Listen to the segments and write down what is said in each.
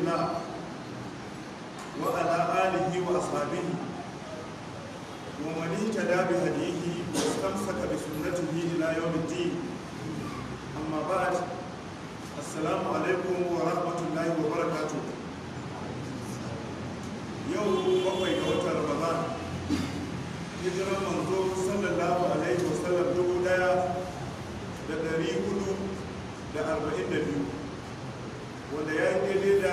الله وعلى آله وأصحابه ومن اهتدى بهديه واستمسك بسنته إلى يوم الدين أما بعد السلام عليكم ورحمة الله وبركاته يوم بقي وتر رمضان hijirar manzo sallallahu alaihi wasallam dubu daya da dari hudu da arba'in da biyu wanda ya yi daidai da 19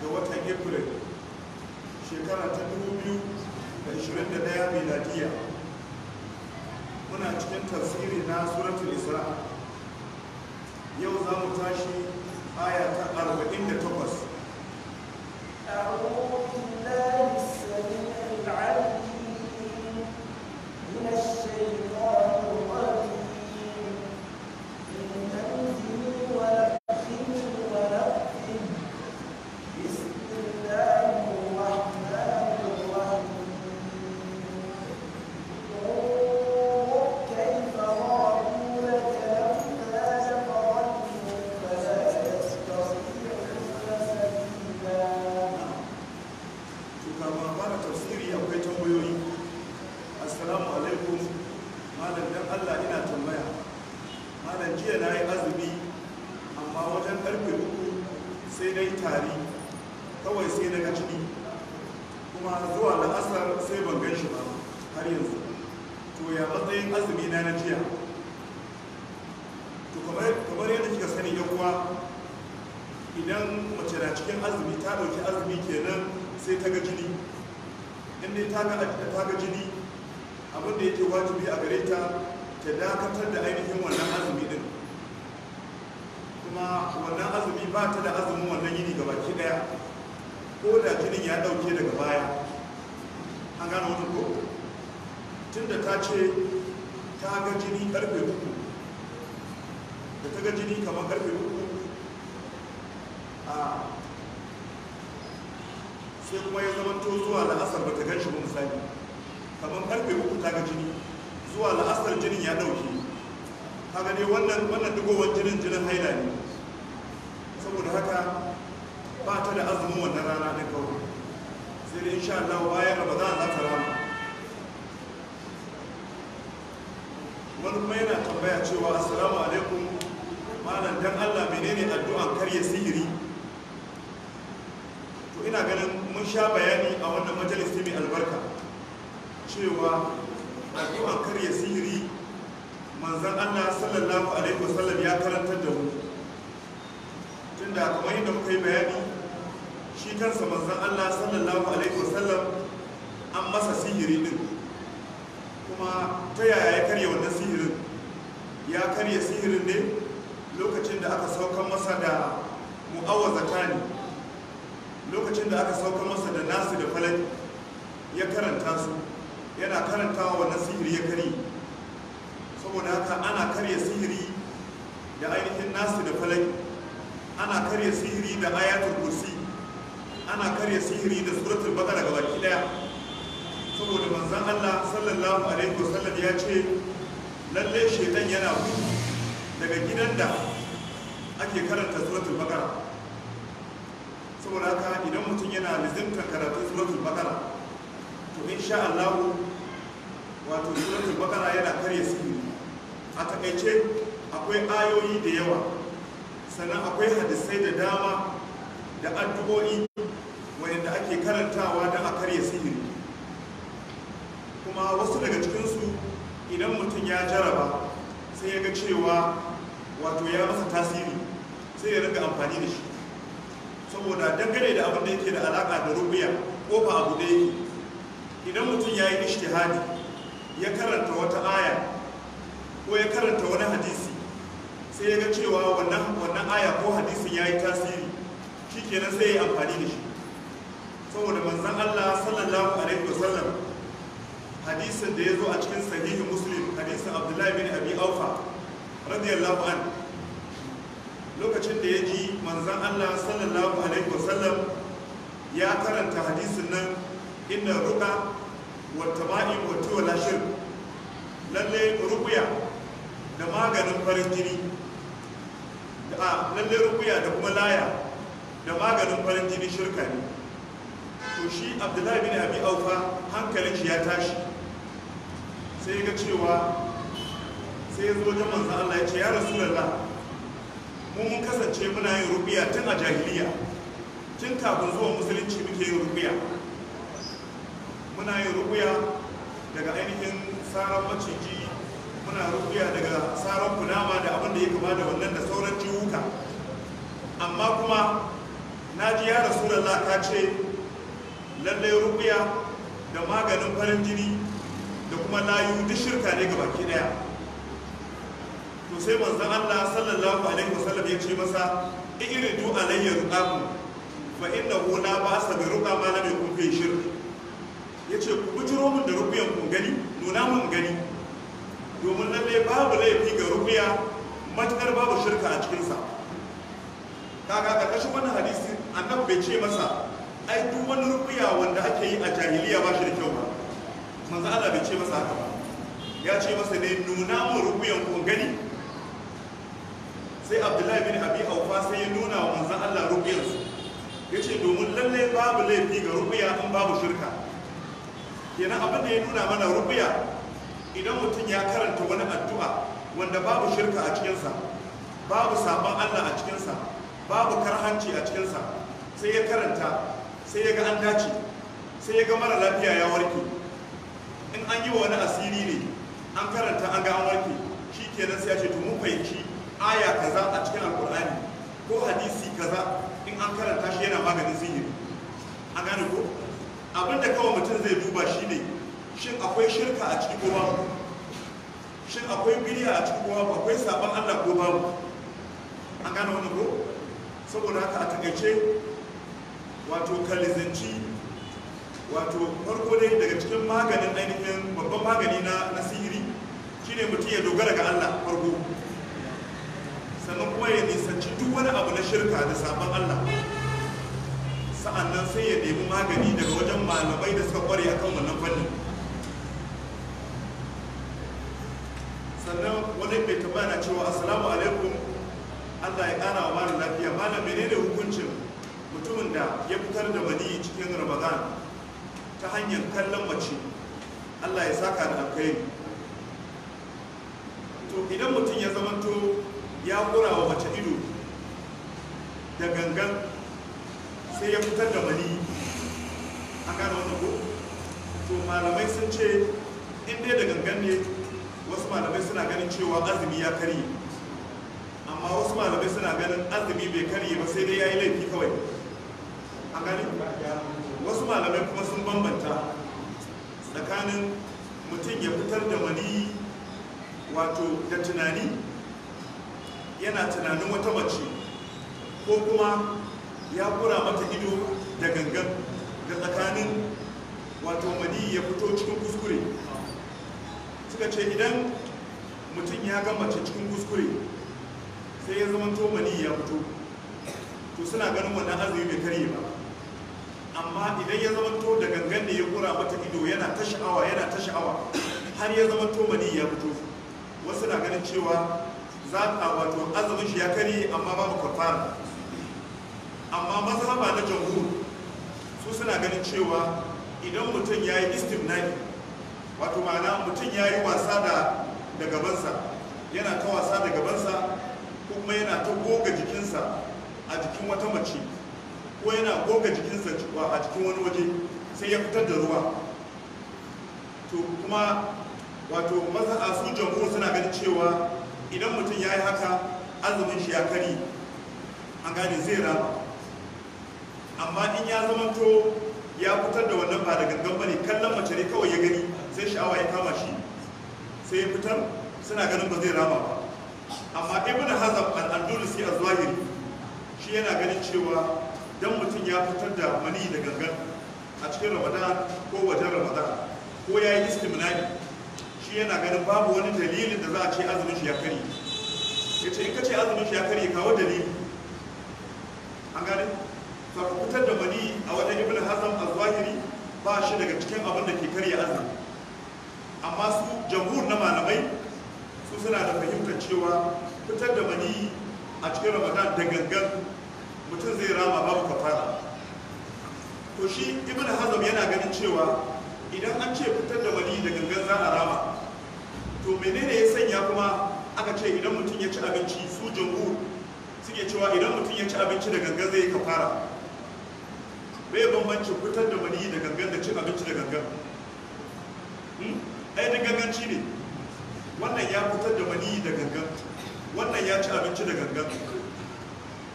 ga watan april shekara ta 2021 miladiya muna cikin tafsiri na suratul isra yau za mu tashi aya ta 48 to kamar yadda kika sani ya kuwa idan mace na cikin azumi ta dauki azumi kenan sai ta ga jini inda dai ta ta ga jini abin da yake wajibi a gare ta ta dakatar da ainihin wannan azumi din kuma wannan azumi ba ta da azumin wannan yini gabaki daya ko da jinin ya dauke daga baya an gano wani ko tun ta ce ta ga jini karfe uku da ta ga jini kamar karfe uku a ah. sai kuma ya zama to zuwa la'asar ba ta gan shi ba misali kamar karfe uku ta ga jini zuwa la'asar jinin ya dauke ta gani wannan wannan dugowar jinin jinin haila ne saboda haka ba ta da azumin wannan rana da kawo sai da insha Allah bayan Ramadan za ta rama wani kuma yana tambaya cewa assalamu alaikum malam dan Allah menene addu'an karya sihiri to ina ganin mun sha bayani a wannan majalis mai albarka cewa addu'an karya sihiri manzan Allah sallallahu alaihi wasallam ya karantar da mu tunda kamar yadda muka yi bayani shi kansa manzan Allah sallallahu alaihi wasallam an masa sihiri din kuma ta yaya ya karya wannan sihirin ya karya sihirin ne lokacin da aka saukan masa da ne lokacin da aka saukan masa da nasu da falai ya karanta su yana karantawa wannan sihiri ya kare saboda haka ana karya sihiri da ainihin nasu da falai ana karya sihiri da ayatul kursi ana karya sihiri da suratul ga baki daya saboda manzon Allah sallallahu alaihi wasallam ya ce lalle shedan yana gudu daga gidan da ake karanta suratul bakara saboda haka idan mutum yana lizimtar karatu suratul bakara to insha Allah wato suratul bakara yana karya sihiri a takaice akwai ayoyi da yawa sannan akwai hadisai da dama da addu'o'i wanda ake karantawa don a karya sihiri kuma wasu daga cikinsu idan mutum ya jaraba sai ya ga cewa wato ya masa tasiri sai ya rinka amfani da shi saboda dangane da abin da yake da alaka da rubiya ko ba abu da yake idan mutum ya yi ishtihadi ya karanta wata aya ko ya karanta wani hadisi sai ya ga cewa wannan aya ko hadisin ya yi tasiri shi kenan sai ya yi amfani da shi saboda manzan allah sallallahu alaihi wasallam hadisin da ya zo a cikin sahihin muslim hadisin abdullahi bin abi aufa radiyallahu an lokacin da ya ji manzan allah sallallahu alaihi wasallam ya karanta hadisin nan inna ruka wa taba'i wa tuwa lashir lalle rukuya da maganin farin jini a lalle rukuya da kuma laya da maganin farin jini shirka ne to shi abdullahi bin abi aufa hankalin shi ya tashi sai ga cewa sai zo wajen manzan Allah ya ce ya da mu mun kasance muna yin rubiya tun a jahiliya tun kafin zuwa musulunci muke yin rubiya muna yin rubiya daga ainihin tsaron maciji muna rubiya daga tsaron kunama da abin da ya kama da wannan da sauran jihuka amma kuma na ji ya da ka ce lallai rubiya da maganin farin jini da kuma layu duk shirka ne ga baki daya to sai manzon Allah sallallahu alaihi wasallam ya ce masa du alayya ruqakum fa innahu la ba'sa bi ruqa ma lam yakun fi shirk yace ku bujiro mun da rubiyan ku gani nuna mun gani domin lalle babu laifi ga rubiya matakar babu shirka a cikin sa kaga karkashin wannan hadisi annabi bai ce masa ai duk wani rubiya wanda ake yi a jahiliya ba shi da kyau ba manzo Allah bai ce masa haka ba ya ce masa ne nuna mu rubuyan ku gani sai abdullahi bin abi aufa sai ya nuna wa manzan allah rubiyarsu ya ce domin lalle babu laifi ga rukuya in babu shirka kenan abin da ya nuna mana rukuya idan mutum ya karanta wani addu'a wanda babu shirka a cikinsa babu sabon allah a cikinsa babu karhanci a cikinsa sai ya karanta sai ya ga an dace sai ya ga mara lafiya ya warke in an yi wa wani asiri ne an karanta an ga an warke shi kenan sai ya ce to mun fahimci aya kaza a cikin alkur'ani ko hadisi kaza in an karanta shi yana maganin sihiri A gane ko abinda kawai mutum zai duba shi ne shin akwai shirka a cikin kowa shin akwai biriya a cikin kowa akwai sabon allah ko babu A gane wani ko saboda haka a takaice wato kalizanci wato farko dai daga cikin maganin ainihin babban magani na nasiri shine mutum ya dogara ga Allah farko sannan kuma ya nisanci duk wani abu na shirka da sabon Allah sa'annan sai ya nemi magani daga wajen malamai da suka kware akan wannan fanni sannan wani mai tambaya cewa 'Asalamu alaikum Allah ya kara wa malam lafiya malam menene hukuncin mutumin da ya fitar da mani cikin ramadan ta hanyar kallon mace allah ya saka da alkhairi to idan mutum ya zamanto ya kura wa mace ido da gangan sai ya fitar da mani a gane wannan ko to malamai sun ce in dai da gangan ne wasu malamai suna ganin cewa azumi ya karye amma wasu malamai suna ganin azumi bai karye ba sai dai ya yi laifi kawai gane wasu malamai kuma sun bambanta tsakanin mutum ya fitar da mani wato da tunani yana tunanin wata mace ko kuma ya kura mata ido da gangan da tsakanin wato mani ya fito cikin kuskure suka ce idan mutum ya ga mace cikin kuskure sai ya zama to mani ya fito to suna ganin wannan azumi bai karye ba amma idan ya zama to da gangan ne ya kura mata ido yana ta sha'awa yana ta sha'awa har ya zama to mani ya fito wasu na ganin cewa za a wato azumin shi ya kari amma babu kwafara amma mazhaba na jamhur su suna ganin cewa idan mutum ya yi istimnani wato ma'ana mutum ya yi wasa da gabansa yana ta wasa da gabansa kuma yana ta goga jikinsa a jikin wata mace ko yana goga jikinsa a cikin wani waje sai ya fitar da ruwa to kuma wato maza su jamhur suna ganin cewa idan mutum ya yi haka azumin shi ya kari an gane zai rama amma in ya zamanto ya fitar da wannan ba da gangan bane kallon mace ne kawai ya gani sai sha'awa ya kama shi sai ya fitar suna ganin ba zai rama ba amma ibn hazab al-andalusi az-zahiri shi yana ganin cewa dan mutum ya fitar da mani da gangan a cikin ramadan ko wajen ramadan ko ya yi istimnani shi yana ganin babu wani dalilin da za a ce azumin shi ya kare ya ce in ka ce azumin shi ya kare kawo dalili an gani ka fitar da mani a wajen ibn Hassan al-zahiri ba shi daga cikin abin da ke karya azumi amma su jamhur na malamai su suna da fahimtar cewa fitar da mani a cikin ramadan da gangan mutum zai rama babu kafara to shi ibn hazm yana ganin cewa idan an ce fitar da wali da gangan za a rama to menene ya sanya kuma aka ce idan mutum ya ci abinci su jamhur suke cewa idan mutum ya ci abinci da gangan zai kafara bai bambanci fitar da wali da gangan da cin abinci da gangan ɗaya hmm? da ganganci ne wannan ya fitar da wali da gangan wannan ya ci abinci da gangan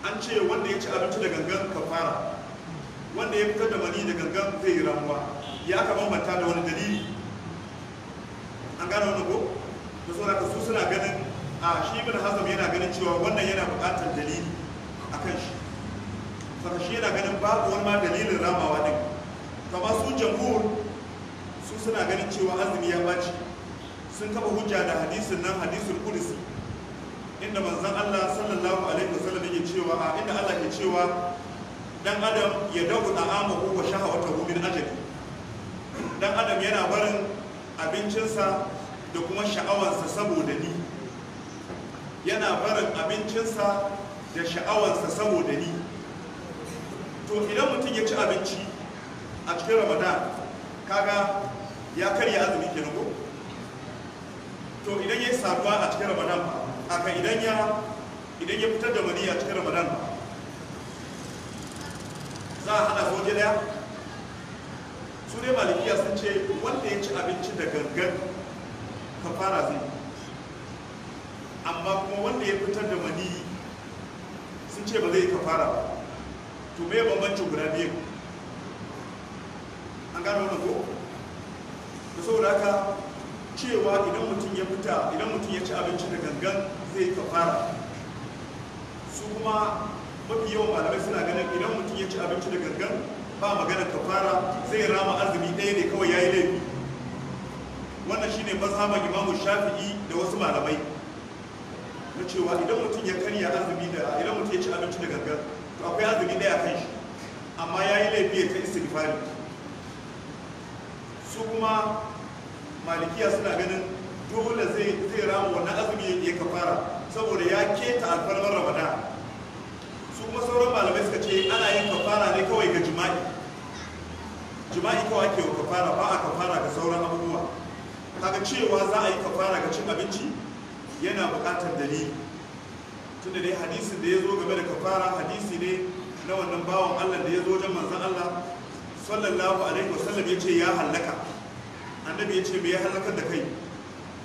an ce wanda ya ci abinci da gangan kafara wanda ya fitar da mani da gangan zai yi ramuwa ya aka bambanta da wani dalili an gane wani ko da saboda su suna ganin a shi bin hazam yana ganin cewa wannan yana buƙatar dalili akan shi saka shi yana ganin babu wani ma dalilin ramawa din kamar su jamhur su suna ganin cewa azumi ya ɓaci. sun taɓa hujja da hadisin nan hadisul qudsi inda manzon Allah sallallahu alaihi wasallam yake cewa a inda Allah ke cewa dan adam ya dabu da'amahu wa shahawatahu min ajali dan adam yana barin abincinsa da kuma sha'awansa saboda ni yana barin abincinsa da sha'awansa saboda ni to idan mutum ya ci abinci a cikin ramadan kaga ya karya azumi kenan ko to idan ya yi saduwa a cikin ramadan ba haka idan ya idan ya fitar da mani a cikin ramadan za a hada soje daya su ne malikiya sun ce wanda ya ci abinci da gangan ka fara zai amma kuma wanda ya fitar da mani sun ce ba zai ka fara ba to mai bambancin guda biyu an gano wannan ko da saboda haka cewa idan mutum ya fita idan mutum ya ci abinci da gangan zai kafara su kuma mafi yawan malamai suna ganin idan mutum ya ci abinci da gangan ba magana kafara zai rama azumi ɗaya ne kawai yayi laifi wannan shine mazhaban imamu shafi'i da wasu malamai na cewa idan mutum ya karya azumi da idan mutum ya ci abinci da gangan to akwai azumi ɗaya kan shi amma yayi laifi ya ta istighfari su kuma malikiya suna ganin dole zai zai rama wannan azumi ya kafara saboda ya keta alfarmar ramadan su kuma sauran malamai suka ce ana yin kafara ne kawai ga jima'i jima'i kawai ake wa kafara ba a kafara ga sauran abubuwa kaga cewa za a yi kafara ga cin abinci yana buƙatar dalili tunda dai hadisin da ya zo game da kafara hadisi ne na wannan bawan Allah da ya zo wajen manzan Allah sallallahu alaihi wasallam ya ce ya hallaka annabi ya ce me ya halakar da kai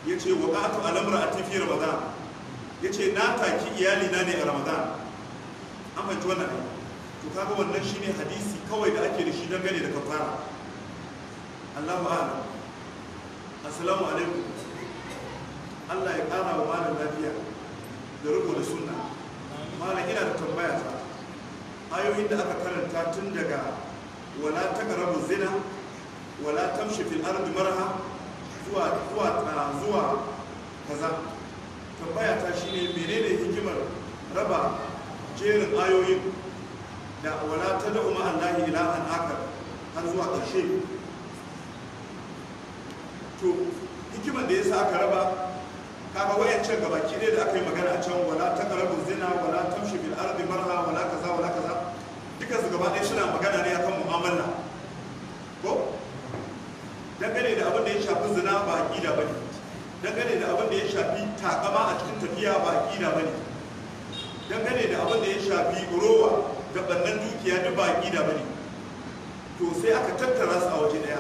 ya ce wa ƙatu alamra a tafiyar ramadan ya ce na taki iyali na ne a ramadan an fahimci wannan ne to kaga wannan shine hadisi kawai da ake da shi dangane da kafara allahu a'lam assalamu alaikum allah ya ƙara wa malam lafiya da riko da sunna malam ina da tambaya ta ayoyin da aka karanta tun daga wala ta zina wala tamshi fil ardi marha zuwa zuwa ah, zuwa kaza tambaya ta shine menene hikimar raba jerin ayoyin da wala ta da umar allahi ilahan akar har zuwa ƙarshe to hikimar da ya sa aka raba kaga wayancan gaba ki da aka yi magana a can wala ta karabin zina wala tamshi bil ardi marha wala kaza wala kaza duka su gaba ɗaya suna magana ne akan mu'amala dangane da abin da ya shafi zina ba aƙida ba ne dangane da abin da ya shafi takama a cikin tafiya ba aƙida ba ne dangane da abin da ya shafi rowa da ɓannan dukiya duk ba aƙida ba ne to sai aka tattara su a waje ɗaya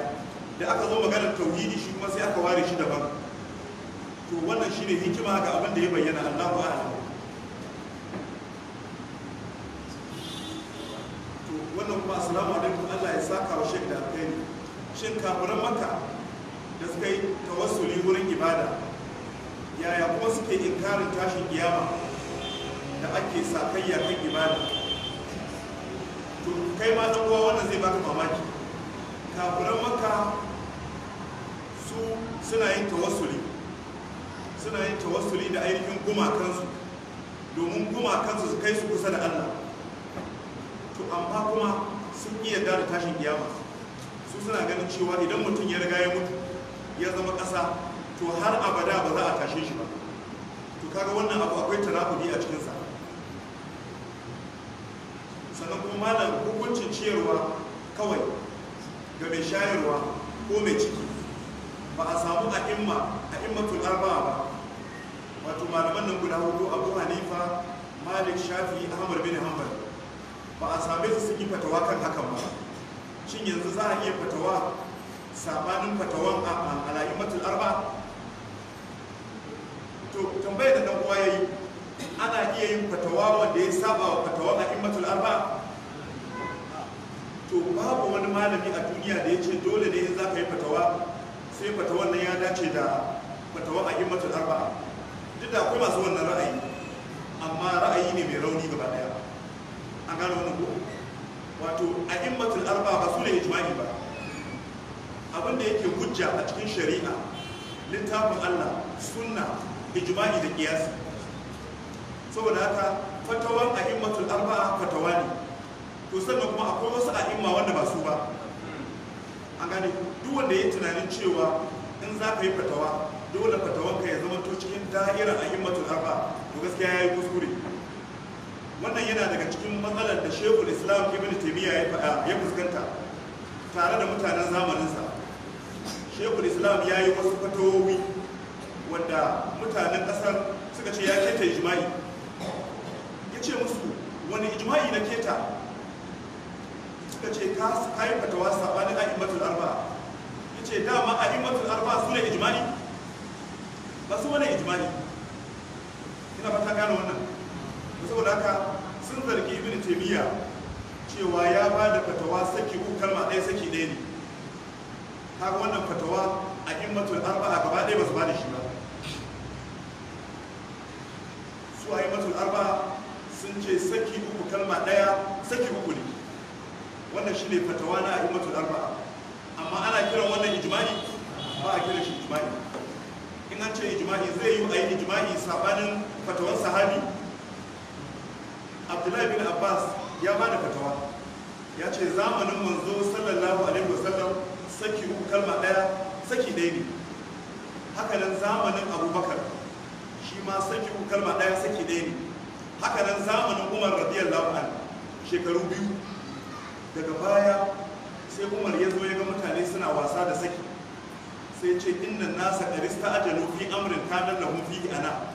da aka zo maganar tauhidi shi kuma sai aka ware shi daban to wannan shi ne hikima ga abin da ya bayyana allahu a'lam to wannan kuma assalamu alaikum allah ya saka wa shek da alkhairi shin kafuran maka da suka yi tawassuli wurin ibada yaya kuma suke inkarin tashin giyama da ake sakayya kan ibada to kai ma dan uwa wannan zai baka mamaki Kafuran maka su suna yin tawassuli suna yin tawassuli da ainihin gumakansu domin gumakansu su kai su kusa da Allah to amma kuma sun iya da tashin su su suna ganin cewa idan mutum ya riga ya mutu ya zama ƙasa to har abada ba za a tashe shi ba to kaga wannan abu akwai tanakudi a cikinsa sannan kuma malam hukuncin ciyarwa kawai ga mai shayarwa ko mai ciki ba a samu a imma a imma ba wato malaman nan guda hudu abu hanifa malik shafi ahmad bin hanbal ba a same su sun yi fatawa kan hakan ba shin yanzu za a iya fatawa sabanin fatawan a alaimatul arba to tambayi da dan uwa yayi ana iya yin fatawa wanda ya saba wa fatawan alaimatul arba to babu wani malami a duniya da ya ce dole ne in za ka yi fatawa sai fatawan nan ya dace da fatawan alaimatul arba duk da akwai masu wannan ra'ayi amma ra'ayi ne mai rauni gaba daya an gano wannan ko wato a immatul arba ba su ne ijma'i ba abin da yake hujja a cikin shari'a littafin Allah sunna ijma'i da ƙiyasi. saboda haka fatawan a immatul arba fatawa ne to sannan kuma akwai wasu a imma wanda ba su ba an gane duk wanda ya tunanin cewa in za ka yi fatawa dole fatawanka ya zama to cikin da'ira a immatul arba to gaskiya ya yi kuskure wannan yana daga cikin matsalar da shekul islam ibn taimiyya ya faɗa ya fuskanta tare da mutanen zamaninsa shekul islam ya yi wasu fatowi wanda mutanen ƙasar suka ce ya keta ijma'i ya ce musu wani ijma'i na keta suka ce ka yi fatawa saɓanin a'immatul arba ya ce dama a'immatul arba su ne ijma'i ba su wani ijma'i ina ba ta gane wannan saboda haka sun zargi ibn taymiya cewa ya ba da fatawa saki uku kalma ɗaya saki ɗaya ne haka wannan fatawa a immatul arba'a gaba ɗaya ba su ba da shi ba su a immatul arba'a sun ce saki uku kalma ɗaya saki uku ne wannan shi ne fatawa na a immatul arba'a amma ana kiran wannan ijma'i ba a kiran shi ijma'i in an ce ijma'i zai yi a yi ijma'i sabanin fatawan sahabi abdullahi bin abbas ya ba da fatawa ya ce zamanin manzo sallallahu alaihi wasallam saki uku kalma daya saki ɗaya ne Haka nan zamanin abubakar shi ma saki uku kalma daya saki ɗaya ne Haka nan zamanin umar radiyallahu an shekaru biyu daga baya sai umar ya zo ya ga mutane suna wasa da saki sai ce inna nasa ɗarista ajalu fi amrin kanar da fi ana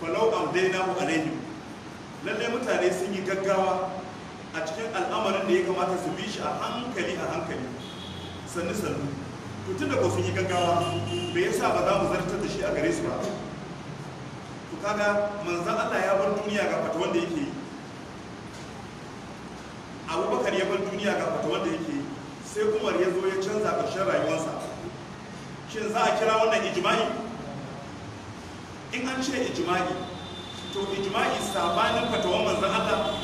falau amdaina mu alaihim lallai mutane sun yi gaggawa a cikin al'amarin da ya kamata su bi shi a hankali a hankali sannu sannu to tun da ko sun yi gaggawa me yasa ba za mu zartar da shi a gare su ba to kaga manzon Allah ya bar duniya ga fata wanda yake yi Abubakar ya bar duniya ga fata wanda yake yi sai Umar ya zo ya canza ƙarshen rayuwarsa shin za a kira wannan ijimai in an ce ijima'i to ijma'i sabanin fatawan manzon Allah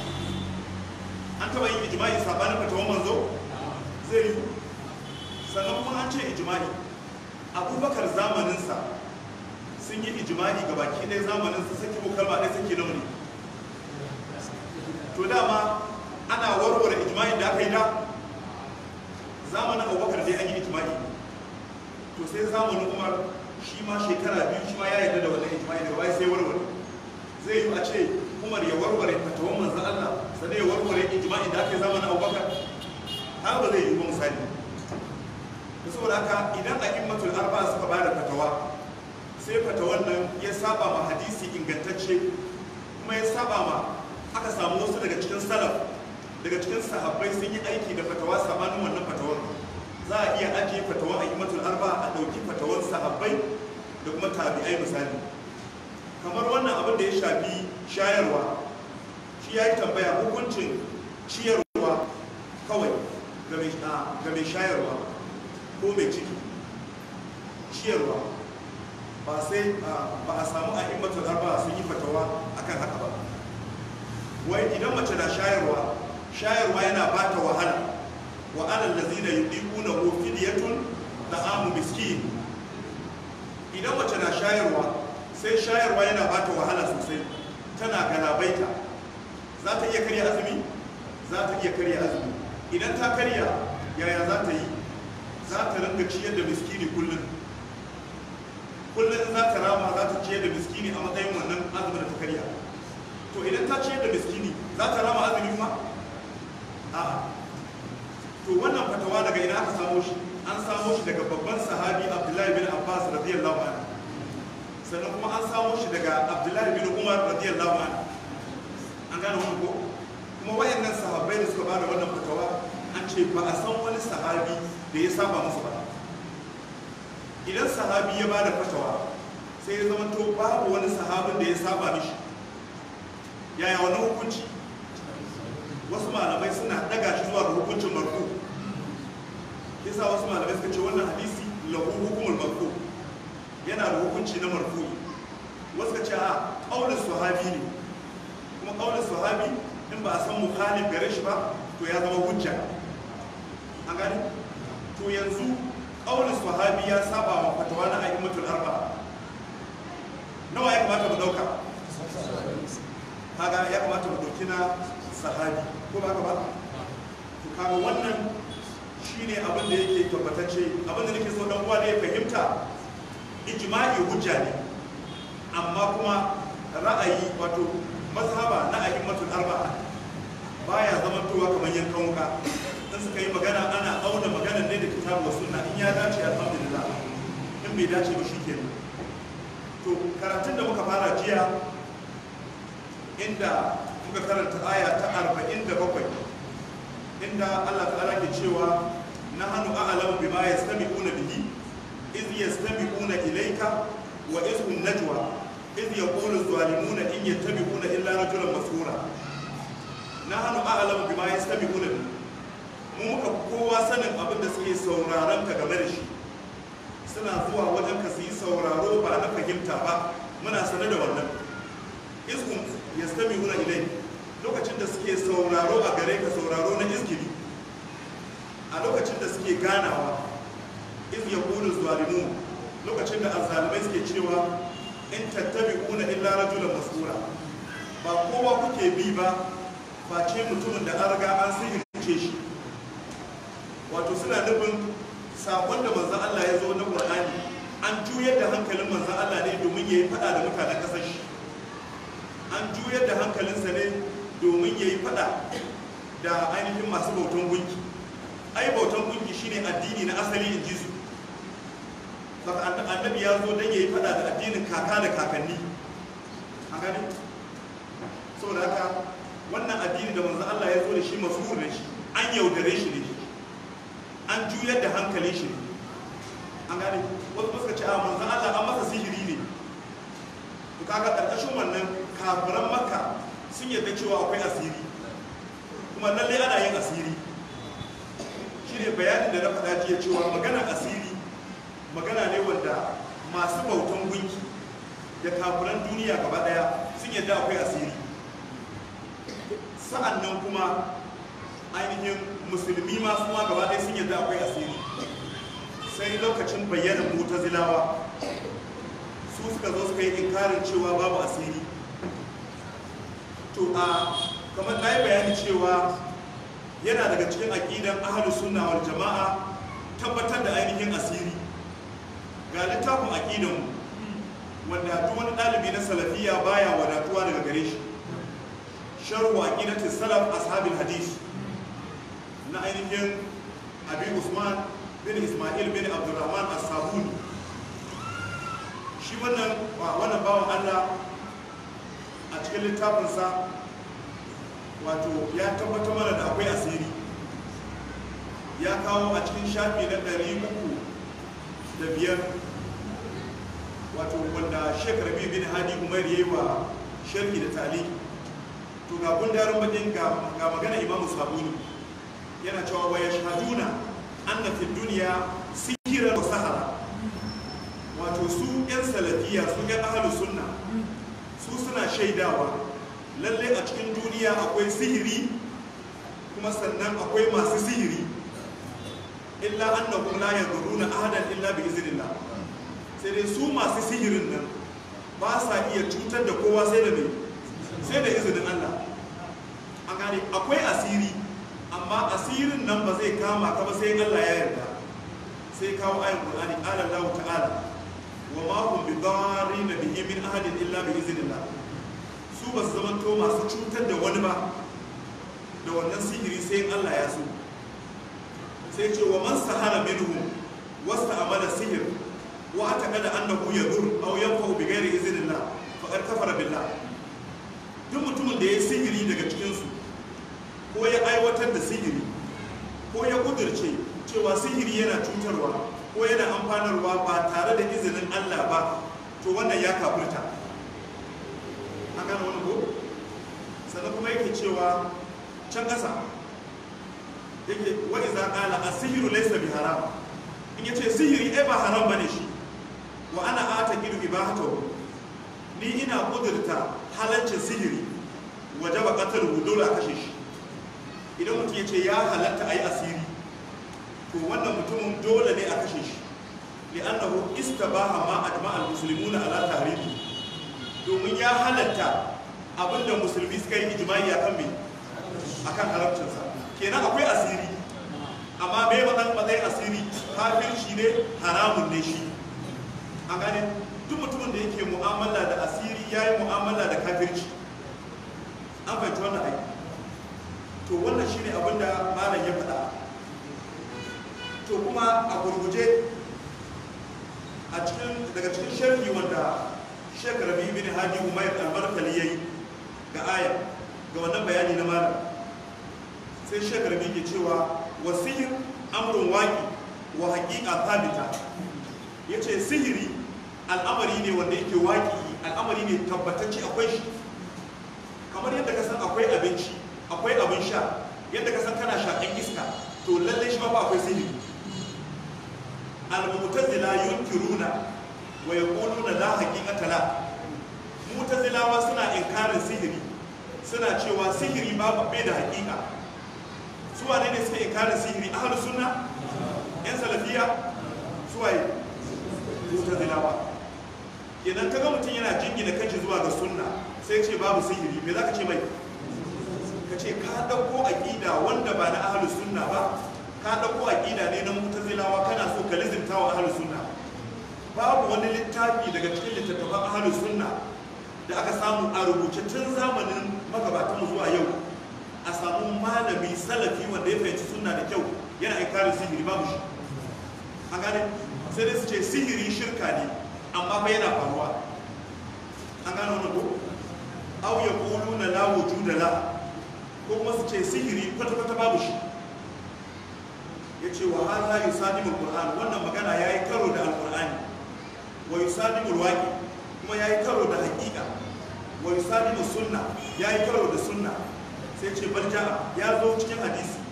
an taba yin ijma'i sabanin fatawan manzo zai yi sannan kuma an ce ijma'i abubakar zamaninsa sun yi ijma'i ga baki ɗaya zamaninsa saki ko kalma ɗaya saki nawa ne to dama ana warware ijma'in da aka yi da zamanin abubakar dai an yi ijma'i to sai zamanin umar shi ma shekara biyu shi ma ya yarda da wannan ijma'i da bai sai warware zai yi a ce umar ya warware fatawan manzan Allah sannan ya warware ijma'i da ake yi zamanin abubakar Ta ba zai yi ba misali da saboda haka idan a immatul arba suka bada fatawa sai fatawan nan ya saba ma hadisi ingantacce kuma ya saba ma aka samu wasu daga cikin salaf daga cikin sahabbai sun yi aiki da fatawa sabanin wannan fatawar za a iya ajiye fatawa a immatul arba a ɗauki fatawar sahabbai da kuma tabi'ai misali kamar wannan abin da ya shafi shayarwa shi ya yi tambaya hukuncin ciyarwa kawai ga mai shayarwa ko mai ciki ciyarwa ba sai ba a samu a himmatar arba sun yi fatawa akan haka ba wai idan mace na shayarwa shayarwa yana ba ta wahala wa alal lazina yudiquna hu fidyatun amu miskin idan mace na shayarwa sai shayarwa yana ba ta wahala sosai tana galabaita za ta iya karya azumi za ta iya karya azumi idan ta karya yaya za ta yi za ta ringa ciyar da miskini kullum kullum za ta rama za ta ciyar da miskini a matsayin wannan azumin da ta karya to idan ta ciyar da miskini za ta rama azumi ma? a'a to wannan fatawa daga ina aka samo shi an samo shi daga babban sahabi abdullahi bin abbas radiyallahu anhu sannan kuma an samo shi daga abdullahi bin umar radiyallahu anhu an gane wani ko kuma wayannan sahabbai da suka bada wannan fatawa an ce ba a san wani sahabi da ya saba musu ba idan sahabi ya bada fatawa sai ya zama to babu wani sahabin da ya saba mishi yaya wani hukunci wasu malamai suna daga shi zuwa ga hukuncin marko yasa wasu malamai suka ce wannan hadisi lahu hukumar marko yana da hukunci na marfu'i wasu ce a ƙaunar sahabi ne kuma ƙaunar sahabi in ba a san mukhalif gare shi ba to ya zama hujja A gani to yanzu ƙaunar sahabi ya saba wa fatawa na a'immatul harba nawa ya kamata mu dauka kaga ya kamata mu dauki na sahabi ko ba ka ba to kaga wannan shine abin da yake tabbatacce abin da nake so dan uwa da ya fahimta ijma'i hujja ne amma kuma ra'ayi wato mazhaba na a'immatul arba'a baya towa kamar yankan wuka in suka yi magana ana auna maganar ne da kitabu wa sunna in ya dace alhamdulillah in bai dace ba shikenan to karatun da muka fara jiya inda muka karanta aya ta 47 inda Allah ta'ala ke cewa nahnu a'lamu bima yastami'una bihi iz yastabiquna ilayka wa izhum najwa iz yaqulu adh-dhalimuna in yattabiquna illa rajulan masrura nahnu a'lamu bima yastabiquna mu muka kowa sanin abin da suke sauraron ka game da shi suna zuwa wajen ka su sauraro ba na fahimta ba muna sanar da wannan izhum yastabiquna ilayka lokacin da suke sauraro a gare ka sauraro na izgiri a lokacin da suke ganawa iz yaqulu zalimun lokacin da azzalimai suke cewa in tattabi'una illa rajulan masura ba kowa kuke bi ba face mutumin da an riga an sihirce shi wato suna nufin sakon da manzan Allah ya zo na Qur'ani an juyar da hankalin manzan Allah ne domin ya yi fada da mutanen ƙasar shi an juyar da hankalinsa ne domin ya yi fada da ainihin masu bautan gunki ai bautan gunki shine addini na asali in ji su annabi ya zo don ya yi fada da addinin kaka da kakanni an gane saboda haka wannan addini da manzo Allah ya zo da shi masuhur da shi an yaudare shi ne an juyar da hankalin shi ne an gani. wasu suka ce a manzo Allah an masa sihiri ne to kaga karkashin wannan kafiran makka sun yadda cewa akwai asiri kuma lalle ana yin asiri Shi ne bayanin da na faɗa jiya cewa magana asiri magana ne wanda masu bautan gunki da kafuran duniya gaba daya sun yadda akwai asiri sa'an nan kuma ainihin musulmi masu ma gaba daya sun yadda akwai asiri sai lokacin bayyanin Zilawa. su suka zo suka yi inkarin cewa babu asiri to a kamar na yi bayani cewa yana daga cikin aƙidan ahalusunawar jama'a tabbatar da ainihin asiri ga littafin akidan mu wanda duk wani dalibi na salafiya baya wadatuwa daga gare shi sharhu aqidati salaf ashabil hadith na ainihin abi usman bin ismail bin abdurrahman as-sabuni shi wannan wannan bawan Allah a cikin littafinsa wato ya tabbatar mana da akwai asiri ya kawo a cikin shafi na ɗari uku da biyar wato wanda shekar biyu bin hadi umar ya yi wa sharhi da tali. to ga gundarin bakin ga magana imamu sabuni yana cewa wa yashhaduna anna fi dunya sihira wa sahara wato su yan salafiya su yan ahlu sunna su suna shaidawa lalle a cikin duniya akwai sihiri kuma sannan akwai masu sihiri illa annahum la yaduruna ahadan illa bi iznillah sai dai su masu sihirin nan ba sa iya cutar da kowa sai da mai sai da izinin Allah an gane akwai asiri amma asirin nan ba zai kama ka ba sai Allah ya yarda sai kawo ayin Qur'ani qala Allah ta'ala wa ma hum bi darrin bihi min ahadin illa bi iznillah su ba su zama to masu cutar da wani ba da wannan sihiri sai Allah ya so sai ce wa man sahara minhu wasta amala sihir wa ataqada annahu yadur aw yanfa'u bi ghairi iznillah faqad kafara billah duk mutumin da ya sihiri daga cikin su ko ya aiwatar da sihiri ko ya kudirce cewa sihiri yana cutarwa ko yana amfanarwa ba tare da izinin Allah ba to wannan ya kafirta a gane wani ko sannan kuma yake cewa can ƙasa yake wa iza a sihiru laisa bi haram in yace sihiri e ba haram bane shi wa ana ataqidu ibahatahu ni ina kudurta halaccin sihiri wajaba katar dole a kashe shi idan mutum yace ya halatta a yi asiri to wannan mutumin dole ne a kashe shi li'annahu istabaha ma ajma'al muslimuna ala tahrimi domin ya halatta abinda musulmi suka yi ijma'i akan me akan haramcin kenan akwai asiri amma me ba matsayin asiri kafirci ne haramun ne shi a gane duk mutumin da yake mu'amala da asiri ya yi mu'amala da kafirci an fahimci wannan aiki to wannan shine abin da malam ya faɗa to kuma a gurguje a cikin daga cikin sharhi wanda shekarabi bin hajji umayyad albarkali ya yi ga aya ga wannan bayani na malam sai shekar ke cewa wasihir amurin waƙi wa haƙiƙa thabita ya ce sihiri al'amari ne wanda yake waƙi al'amari ne tabbatacce akwai shi kamar yadda ka san akwai abinci akwai abin sha yadda ka san kana iska to lallai shi ba akwai sihiri al-mu'tazila yunkiruna wa yaquluna la haqiqata la mu'tazilawa suna inkarin sihiri suna cewa sihiri babu bai da haƙiƙa su ne ne suka kare sihiri ahlus suna? yan salafiya su waye mutazilawa idan ka ga mutum yana jingina kanshi zuwa ga suna sai ce babu sihiri me ka ce mai ka ce ka ɗauko aƙida wanda ba na ahlus sunna ba ka ɗauko aƙida ne na zilawa kana so ka lizinta wa ahlus sunna babu wani littafi daga cikin littattafan ahalu sunna da aka samu a rubuce tun zamanin magabatanmu zuwa yau a samu malami salafi wanda ya fahimci suna da kyau yana da sihiri babu shi A gane sai dai su ce sihiri shirka ne amma fa yana faruwa a gane wani ko ya yaquluna na lawo judala ko kuma su ce sihiri kwata kwata babu shi Ya ce wa hadha al alquran wannan magana ya yi karo da alqurani wa yusadimu alwaqi kuma yi karo da hakika wa yusadimu sunna yi karo da sunna sai ce balja'a ya zo cikin hadisi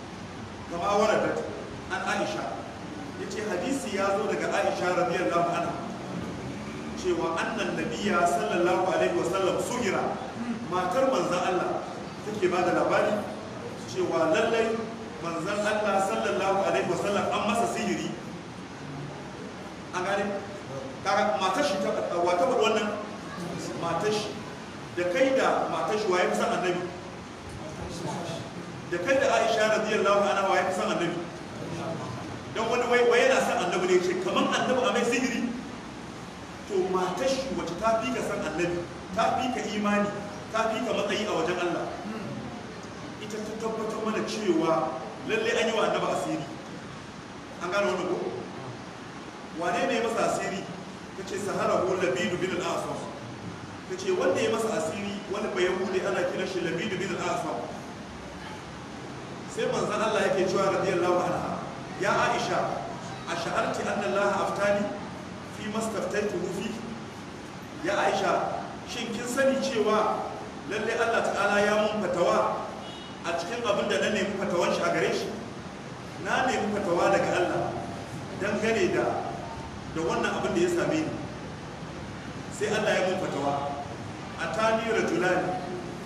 kama waradat an aisha ya ce hadisi ya zo daga aisha radiyallahu anha cewa annan nabiya sallallahu alaihi wasallam sugira matar manzan Allah take ba da labari cewa lallai manzan Allah sallallahu alaihi wasallam an masa sihiri an gane kaga matar shi ta wata wannan matar shi da kai da matar shi waye kusan annabi da kan da aisha radiyallahu anha wa ya fi san annabi dan wani wai wai yana san annabi ne ce kaman annabi a mai sihiri to matar shi wacce ta fi ka san annabi ta fi ka imani ta fi ka matsayi a wajen Allah ita ta tabbatar mana cewa lalle an yi wa annabi asiri an gano wani ko wane ne masa asiri ta ce sahara ko labidu bin al-asaf ta ce wanda ya masa asiri wani bayan bude ana kiran shi labidu bin al sai manzan Allah yake cewa radiyallahu anha ya Aisha a sha'arki annallaha aftani fi mastaftaitu rufi ya Aisha shin kin sani cewa lalle Allah ta'ala ya mun fatawa a cikin abin da na nemi fatawan shi a gare shi na nemi fatawa daga Allah dangane da da wannan abin da ya same ni sai Allah ya mun fatawa atani rajulani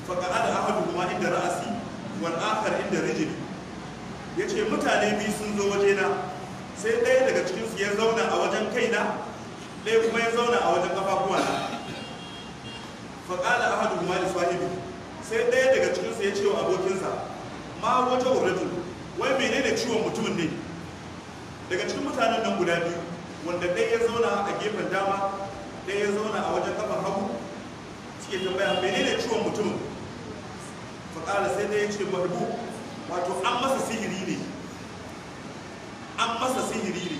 faqa'ada ahaduhuma inda ra'asi wal inda inda Ya ce mutane biyu sun zo waje na sai ɗaya daga cikinsu ya zauna a wajen kaina ɗaya kuma ya zauna a wajen kafafuwa na a hadu kuma li sahibi sai ɗaya daga cikinsu ya ce wa abokinsa ma wata wurin wai da ciwon mutumin ne daga cikin mutanen nan guda biyu wanda ɗaya ya zauna a gefen dama ɗaya ya zauna a wajen kafar hagu suke tambaya da ciwon mutumin faƙala sai da ya ce mahdu wato an masa sihiri ne an masa sihiri ne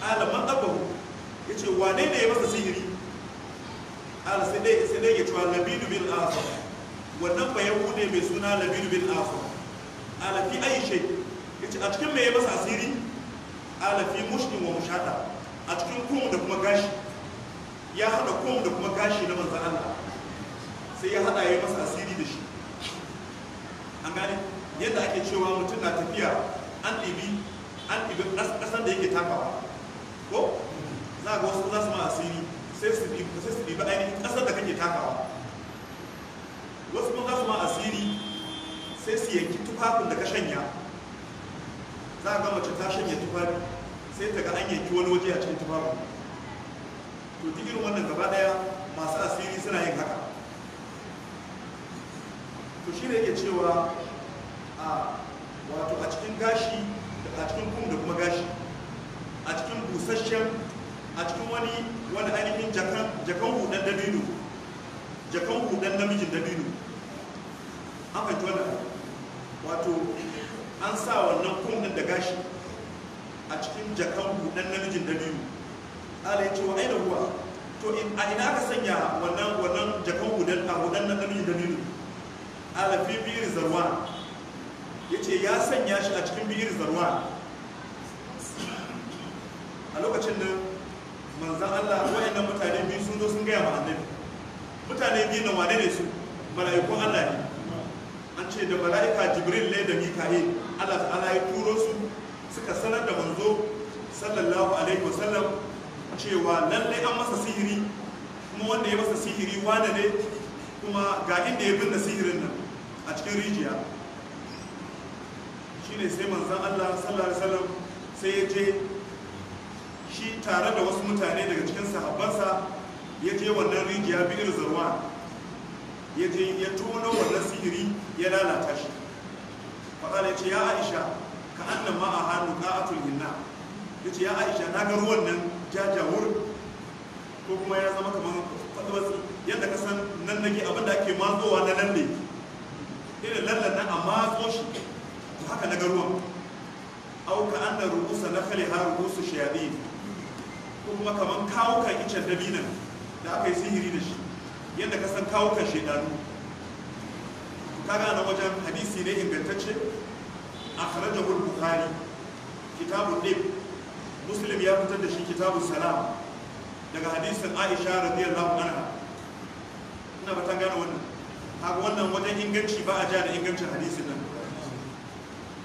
ƙala man abahu ya ce wane ne ya masa sihiri ƙala sai dai ya cewa labidu bin asar wannan bayan hude mai suna labidu bin asar Al'afi fi ayi shai ya ce a cikin mai ya masa asiri Al'afi fi mushin wa mushata a cikin kum da kuma gashi ya haɗa kum da kuma gashi na manzan Allah sai ya haɗa ya masa asiri da shi an gane yadda ake cewa mutum na tafiya an ɗibi an ɗibi ƙasar da yake takawa ko za ga wasu za su ma asiri sai su ɗibi ainihin ƙasar da kake takawa wasu kuma za su asiri sai su yanki tufafin da ka shanya za a ga mace ta shanya tufafi sai ta ga an yanki wani waje a cikin tufafin to cikin wannan gaba ɗaya masu asiri suna yin haka to shi ne yake cewa a wato a cikin gashi a cikin kum da kuma gashi a cikin busasshen a cikin wani wani ainihin jakan hudan dabino jakan hudan namijin dabino an fahimci wannan wato an sa wannan kum din da gashi a cikin jakan hudan namijin dabino ala ya ce wa aina ruwa to a ina aka sanya wannan wannan jakan hudan a hudan namijin dabino ala biyar zarwa ya ce ya sanya shi a cikin biyar zarwa a lokacin da manzan Allah wa'annan mutane biyu sun zo sun gaya ma annabi mutane biyu na wane ne su mala'ikun Allah ne an ce da mala'ika jibril ne da mika'il Allah ta'ala ya turo su suka sanar da manzo sallallahu alaihi wasallam cewa lalle an masa sihiri kuma wanda ya masa sihiri wane ne kuma ga inda ya binne sihirin nan a cikin rijiya shi ne sai manzan Allah sallallahu alaihi wasallam sai ya je shi tare da wasu mutane daga cikin sahabbansa ya je wannan rijiya bi'ir zarwa ya je ya tono wannan sihiri ya lalata shi faɗa ya ce ya aisha ka an nan a hannu ka atul hinna ya ce ya aisha na ga ruwan nan jajawur ko kuma ya zama kamar yadda ka san nan nage abinda ake mazowa na nan ne irin lallan nan amma tsoshi to haka na garuwan auka an da rubusa na kale har rubusu kuma kamar kawukan icen dabinan da aka yi sihiri da shi yadda ka san kawo kan shaidanu kaga na wajen hadisi ne ingantacce a kharajahul bukhari kitabun ɗin muslim ya fitar da shi kitabun salam daga hadisin aisha radiyallahu anha ina ba ta gane wannan haka wannan wajen inganci ba a ja da ingancin hadisi nan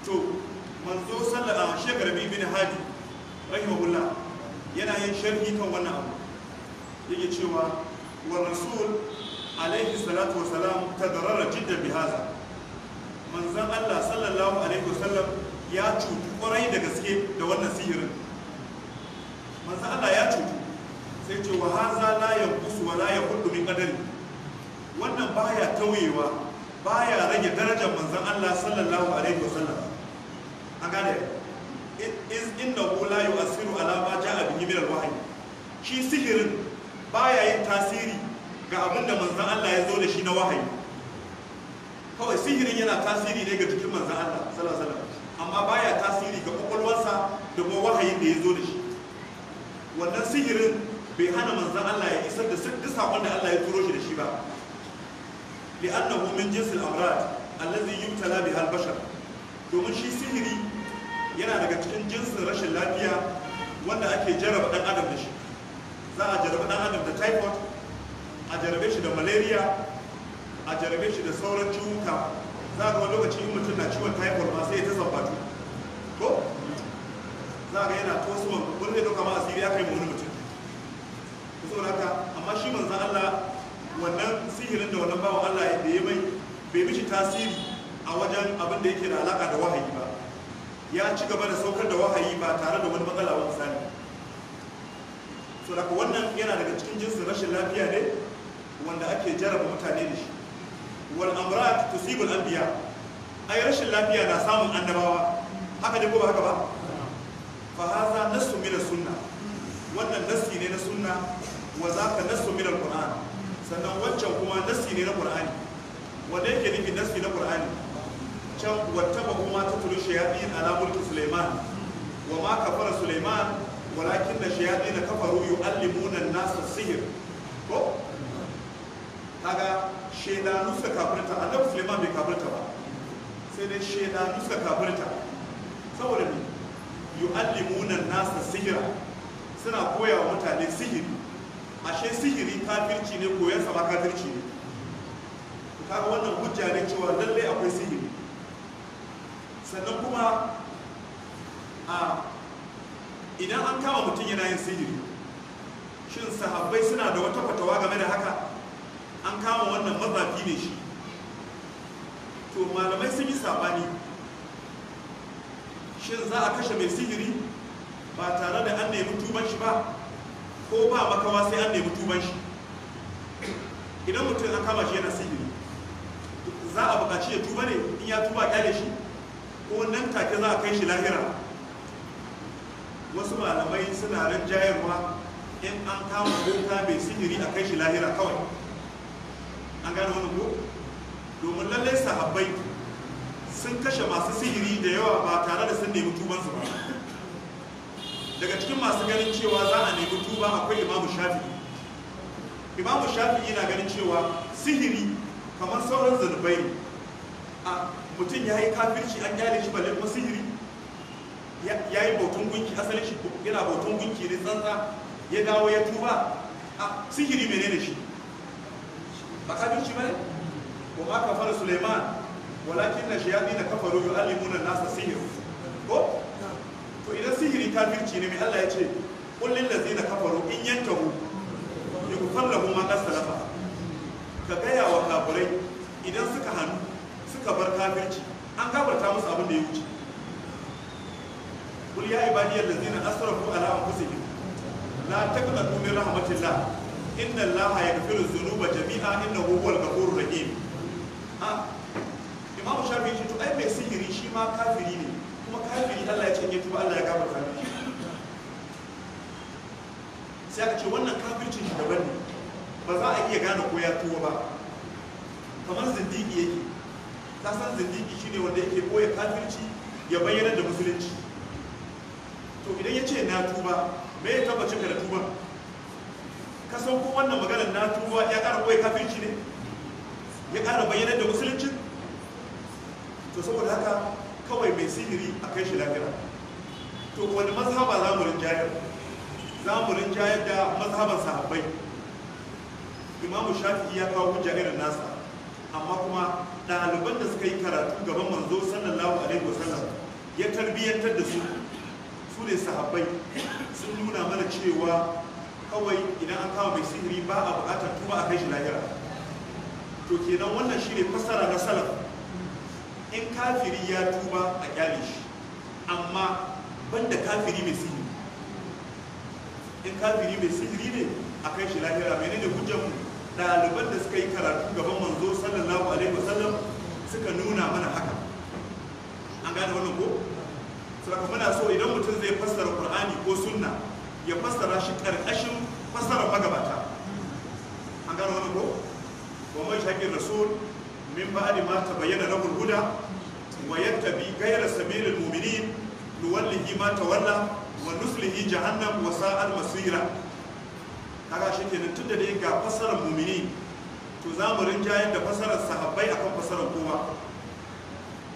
to manzo sallama shekar bi bin hadi rahimahullah yana yin sharhi kan wannan abu yake cewa wa rasul alaihi salatu wa salam tadarrara jidda bi hadha manzon Allah sallallahu alaihi wasallam ya cutu kwarai da gaske da wannan sihirin manzon Allah ya cutu sai ce wa hadha la yanqus wa la yaqulu min qadari wannan baya tauyewa baya rage darajar manzon Allah sallallahu alaihi wasallam an gane iz innahu la yu'assiru ala ma ja'a bihi min al-wahyi shi sihirin baya yin tasiri ga abin da manzon Allah ya zo da shi na wahayi kawai sihirin yana tasiri ne ga jikin manzon Allah sallallahu alaihi wasallam amma baya tasiri ga kwakwalwarsa da kuma wahayin da ya zo da shi wannan sihirin bai hana manzan Allah ya isar da duk sakon da Allah ya turo shi da shi ba li'annahu min jinsil amrad allazi yubtala biha al-bashar domin shi sihiri yana daga cikin jinsin rashin lafiya wanda ake jaraba dan adam da shi za a jaraba dan adam da typhoid a jarabe shi da malaria a jarabe shi da sauran ciwuka za ga wani lokaci in mutum na ciwon typhoid ma sai ya ta zambatu ko za ga yana tosuwan wani zai doka ma asiri aka yi mu wani mutum ku haka amma shi manzan Allah wannan sihirin da wannan bawan Allah ya yi mai bai mishi tasiri a wajen abin da yake da alaka da wahayi ba ya ci gaba da saukar da wahayi ba tare da wani matsala ba misali so daga wannan yana daga cikin jinsin rashin lafiya ne wanda ake jarraba mutane da shi wal amrat tusibul anbiya ai rashin lafiya na samun annabawa haka ne ko ba haka ba fa hadha nasu min sunna wannan nasi ne na sunna wa zaka nasu min alquran sannan wancan kuma nassi ne na qur'ani wanda yake nufin nassi na qur'ani can wattaba kuma ta tulu shayatin ala mulki sulaiman wa ma kafara sulaiman walakin da na kafaru yu'allimuna an-nasa sihir ko kaga shedanu suka kafirta annabi sulaiman bai kafirta ba sai dai shedanu suka kafirta saboda me yu'allimuna an-nasa sihira suna koya wa mutane sihiri ashe sihiri kafirci ne koyon ba kafirci ne kaga wannan hujja ne cewa lallai akwai sihiri sannan kuma a idan an kama mutum yana yin sihiri shin sahabbai suna da wata fatawa game da haka an kama wannan mazafi ne shi to malamai sun yi sabani shin za a kashe mai sihiri ba tare da an nemi tuban shi ba ko ba makawa sai an nemi tuban shi idan mutum an kama shi yana sihiri za a buƙaci ya tuba ne in ya tuba kyale shi ko nan take za a kai shi lahira wasu malamai suna ran jayarwa in an kama boka mai sihiri a kai shi lahira kawai an gane wani ko domin lallai sahabbai sun kashe masu sihiri da yawa ba tare da sun nemi tubansu ba daga cikin masu ganin cewa za a nemi tuba akwai imamu shafi'i imamu shafi'i na ganin cewa sihiri kamar sauran zunubai a mutum ya yi kafirci an gyale shi balle kuma sihiri ya yi bautun gunki asalin shi yana bautun gunki ne tsantsa ya dawo ya tuba a sihiri menene shi ba kafirci bane wa ma kafara suleiman walakin na shayatin na kafaru yu'allimuna nasa sihir ko to idan sihiri kafirci ne mai Allah ya ce kullin lazina kafaru in yantahu yughfar lahum ma qad salafa ka gaya wa kafirai idan suka hannu suka bar kafirci an gabarta musu abin da ya wuce kul ya ibadiyal lazina asrafu ala anfusihim la taqnatu min rahmatillah inna allaha yaghfiru dhunuba jami'a innahu huwal ghafurur rahim A ah, imamu shafi'i to ai mai sihiri shi ma kafiri ne kafiri Allah ya ce ya tuba Allah ya gafarta mishi sai aka ce wannan kafircin shi daban ne ba za a iya gane ko ya ba kamar zindiki yake ta san zindiki ne wanda yake koya kafirci ya bayyana da musulunci to idan ya ce na tuba me ya tabbacin ka da tuba ka san ko wannan maganar na tuba ya kara koya kafirci ne ya kara bayyana da musulunci to saboda haka kawai mai sihiri a kai shi lafira to wani mazhaba za mu rinjayar za mu rinjayar da mazhaban sahabbai imamu shafi'i ya kawo hujja irin nasa amma kuma ɗaliban da suka yi karatu gaban manzo sallallahu alaihi wasallam ya tarbiyyantar da su su ne sahabbai sun nuna mana cewa kawai idan an kawo mai sihiri ba a buƙatar tuba a kai shi lahira to kenan wannan shi ne fassara na salaf in kafiri ya tuba a kyale shi amma banda kafiri mai sihiri in kafiri mai sihiri ne a kai shi lahira menene hujjar mu ɗaliban da suka yi karatu gaban manzo sallallahu alaihi wasallam suka nuna mana haka an gane wannan ko saboda muna so idan mutum zai fassara qur'ani ko sunna ya fassara shi karkashin fassara magabata an gane wannan ko wa mai shakir rasul min ba'di ma tabayyana lahu al-huda wa yattabi ghayra sabilil mu'minin nuwallihi ma tawalla wa nuslihi jahannam wa sa'al masira kaga shikenan tunda dai ga fasarar mu'mini to za mu rinjayar da fasarar sahabbai akan fasarar kowa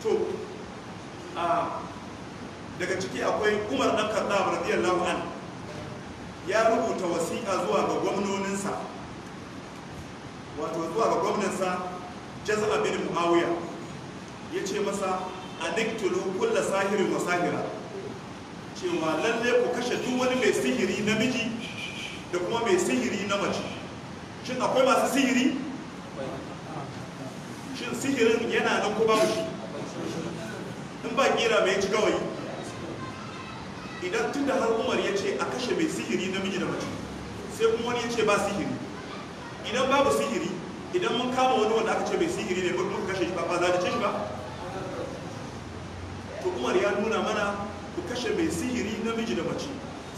to a daga ciki akwai Umar dan Khattab radiyallahu anhu ya rubuta wasiƙa zuwa ga gwamnoninsa wato zuwa ga gwamnansa jaza'a bin muawiya ya ce masa a niktulu kulla sahirin wa sahira cewa lalle ku kashe duk wani mai sihiri namiji da kuma mai sihiri na mace shin akwai masu sihiri shin sihirin yana nan ko babu shi in ba kira mai ci gawayi idan tun da har umar ya ce a kashe mai sihiri namiji da mace sai kuma wani ya ce ba sihiri idan babu sihiri idan mun kama wani wanda aka ce mai sihiri ne duk kashe shi ba ba ce shi ba to umar ya nuna mana ku kashe mai sihiri namiji da mace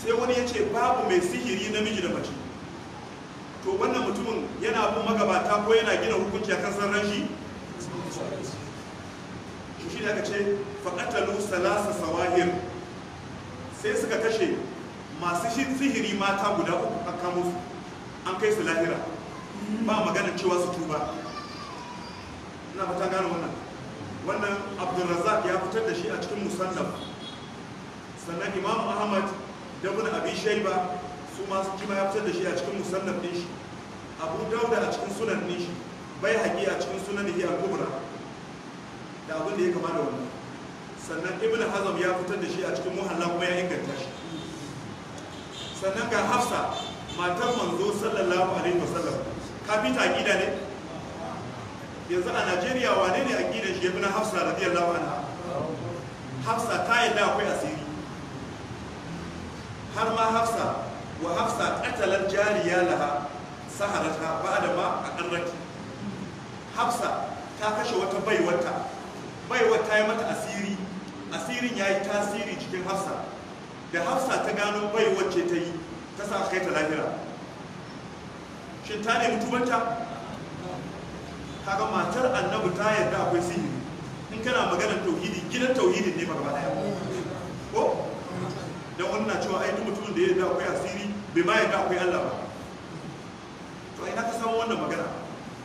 sai wani ya ce babu mai sihiri namiji da mace to wannan mutumin yana bin magabata ko yana gina hukunci akan sarran shi shi da aka ce faƙatalu salasa sawahir sai suka kashe masu sihiri mata guda uku kamo su an kai su lahira ba magana cewa su tuba ina fata gane wannan wannan abdulrazak ya fitar da shi a cikin musallam sannan imam ahmad da bin abi shaiba su masu kima ya fitar da shi a cikin musallam din shi abu dauda a cikin sunan din shi bai haƙi a cikin sunan da kubra da abin da ya kama da wannan sannan ibn hazam ya fitar da shi a cikin muhallan kuma ya inganta shi sannan ga hafsa matan manzo sallallahu alaihi wasallam kafita a gida ne yanzu a najeriya wane ne a gida shi ya fi na hafsa radiyallahu anha hafsa ta yadda akwai asiri har ma hafsa wa hafsa katalar jariya laha saharata ba da ma a ƙarraki hafsa ta kashe wata baiwata baiwar ta yi mata asiri asirin ya yi tasiri cikin hafsa da hafsa ta gano baiwar ce ta yi ta sa kai ta lahira shin ta nemi kaga matar annabi ta yarda akwai sihiri in kana maganar tauhidi gidan tauhidin ne gaba daya ko dan wani na cewa ai mutumin da ya yarda akwai asiri bai ma yarda akwai Allah ba to ai na ka samu wannan magana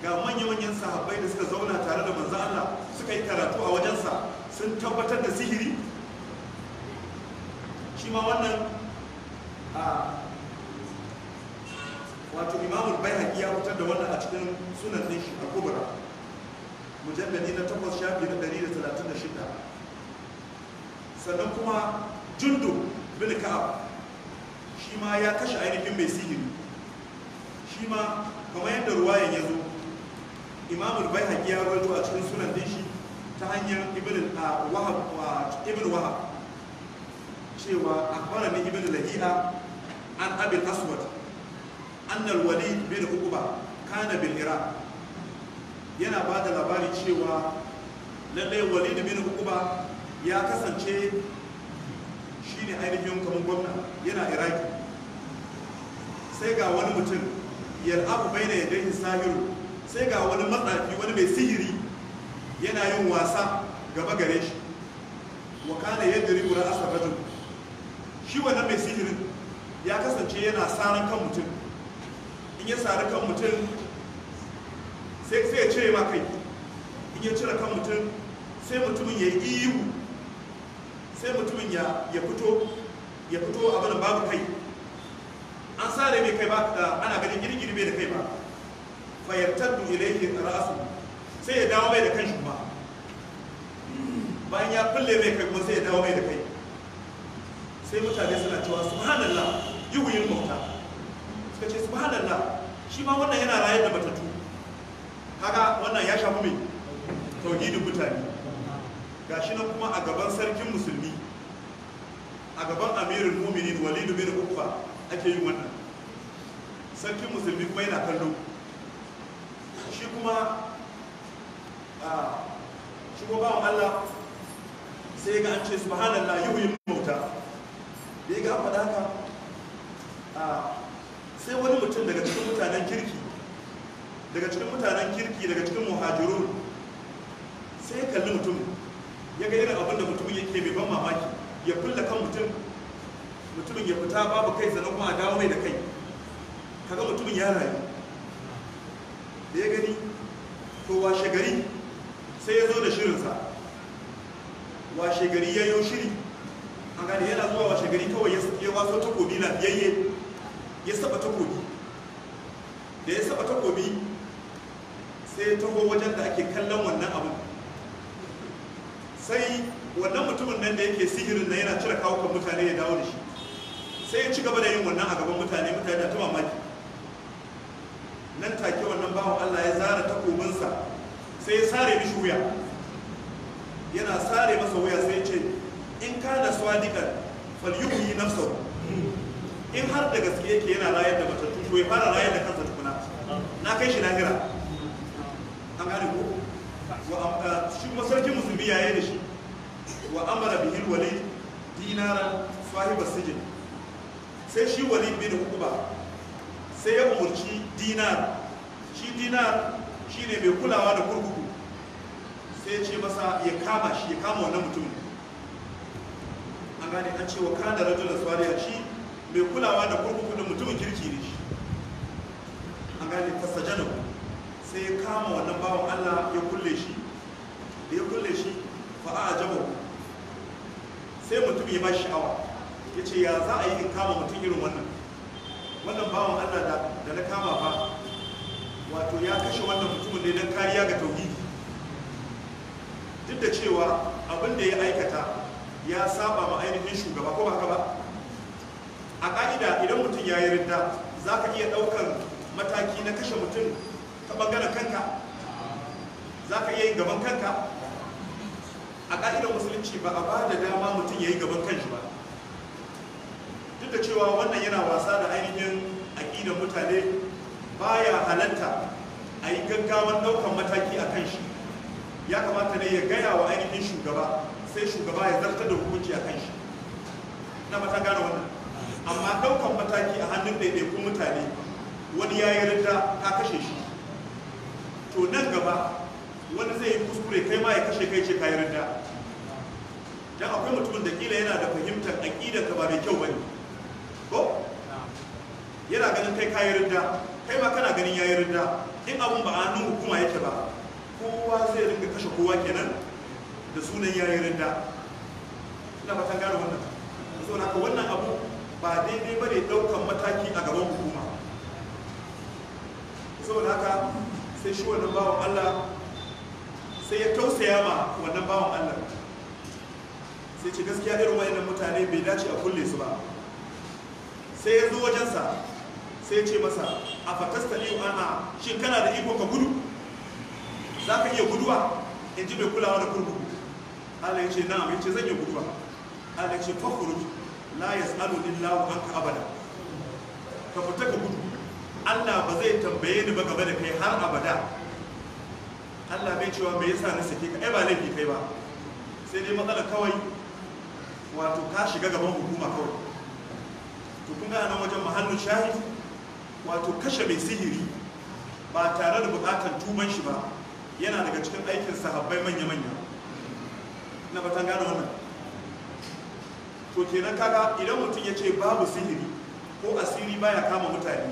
ga manya-manyan sahabbai da suka zauna tare da manzo Allah suka yi karatu a wajensa sun tabbatar da sihiri shi ma wannan a wato imamul bayhaqi ya fitar da wannan a cikin sunan din shi al-kubra mujalladi na 8 shafi na 136 sannan kuma jundu bin ka'ab shi ma ya kashe ainihin mai sihiri shi ma kamar yadda ruwayan ya zo imamul bayhaqi ya rawaito a cikin sunan din shi ta hanyar ibn wahab ibn wahab cewa akbarani ibn lahi'a an abin aswad annal wali bin uquba kana bil iraq yana ba da labari cewa lallai wali bin uquba ya kasance shi ne ainihin kamar gwamna yana iraki sai ga wani mutum abu bai na baina yadayhi sahiru sai ga wani matsafi wani mai sihiri yana yin wasa gaba gare shi wa kana yadribu ra'asa rajul shi wani mai sihirin ya kasance yana saran kan mutum in ya sari kan mutum sai ya cire ma kai in ya cire kan mutum sai mutumin ya yi iwu sai mutumin ya fito ya fito abin babu kai an sare mai kai ba ana gani girgiri bai da kai ba fayyartar da ilaihi ra'asu sai ya dawo mai da kan shi ba bayan ya kulle mai kai kuma sai ya dawo mai da kai sai mutane suna cewa subhanallah wuyin mauta suka ce subhanallah shi ma wannan yana rayar da matattu kaga wannan ya shafi mai tauhidin mutane gashi nan kuma a gaban sarkin musulmi a gaban amirul muminin walidu bin ukfa ake yin wannan sarkin musulmi kuma yana kallo shi kuma a shi kuma bawan Allah sai ga an ce subhanallah yuhyi mauta da ya ga faɗa haka sai wani mutum daga cikin mutanen kirki daga cikin mutanen kirki daga cikin muhajirun sai kalli mutum ya ga irin abin da mutumin yake mai ban mamaki ya kulla kan mutum mutumin ya fita babu kai sannan kuma a dawo mai da kai kaga mutumin ya rayu da ya gani to washe gari sai ya zo da shirinsa washe gari ya yi shiri an gani yana zuwa washe gari kawai ya waso takobi na biyayye. ya saba takobi da ya saba takobi sai taho wajen da ake kallon wannan abu sai wannan mutumin nan da yake sihirin na yana cire kawukan mutane ya dawo da shi sai ya ci gaba da yin wannan a gaban mutane mutane da ta mamaki nan take wannan bawan Allah ya zara takobinsa sai ya sare mishi wuya yana sare masa wuya sai ya ce in da swadiqan falyuhi nafsahu in har da gaske yake yana rayar da matattu to ya fara rayar da kansa tukuna na kai shi lahira an gane ko uh, shi masarkin musulmi yaye da shi wa amara bihil wali dinara sahiba sijin sai shi wali bin hukuma sai ya umurci dinar shi dinar shine mai kulawa da kurkuku sai ya ce masa ya kama shi ya kama wannan mutumin an gane an ce wa kana rajulan salihan shi mai kulawa da kurkuku da mutumin kirki ne shi an gane fasajanu sai ya kama wannan bawan allah ya kulle shi da ya kulle shi fa a ajabo sai mutum ya ba sha'awa ya ce ya za a yi in kama mutum irin wannan wannan bawan allah da na kama ba wato ya kashe wannan mutumin ne don kariya ga tauhidi duk da cewa abin da ya aikata ya saba ma ainihin shugaba ko ba haka ba a ka'ida idan mutum ya yi ridda za ka iya ɗaukar mataki na kashe mutum ta ɓangaren kanka za ka iya yin gaban kanka a ƙa'idar musulunci ba a ba da dama mutum ya yi gaban kanshi ba duk da cewa wannan yana wasa da ainihin aƙidar mutane baya halatta a yi gaggawan ɗaukar mataki a kan shi ya kamata ne ya gaya wa ainihin shugaba sai shugaba ya zartar da hukunci a kan shi na mata gane wannan daukan a ɗaukan mataki a hannun ɗaiɗaikun mutane wani ya yi rinta ta kashe shi to nan gaba wani zai yi kuskure kai ma ya kashe kai ce ka yi rinda dan akwai mutumin da kila yana da fahimtar aƙidar ka ba mai kyau bane ko yana ganin kai ka yi rinda kai ma kana ganin ya yi rinda in abun ba hannun hukuma yake ba kowa zai ringa kashe kowa kenan da sunan ya yi rinda ina fatan gane wannan saboda haka wannan abu ba daidai ba ne ɗaukan mataki a gaban hukuma saboda haka sai shi wannan bawan allah sai ya tausaya ma wannan bawan allah sai ce gaskiya irin wayannan mutane bai dace a kulle su ba sai ya zo wajensa sai ya ce masa a fatasta ne ana shin kana da iko ka gudu za ka iya guduwa in ji mai kulawa da kurkuku allah ya ce na ya ce zan iya guduwa allah ya ce fafuruki la yas'alu anka abada ka fita ka gudu Allah ba zai tambaye ni ba gaba da kai har abada Allah bai cewa me yasa na sake ka ai ba laifi kai ba sai dai matsala kawai wato ka shiga gaban hukuma kawai to kun ga nan wajen mahallin shahid wato kashe mai sihiri ba tare da bukatan tuban shi ba yana daga cikin aikin sahabbai manya-manya na batan gane wannan to kenan kaga idan mutum ya ce babu sihiri ko asiri baya kama mutane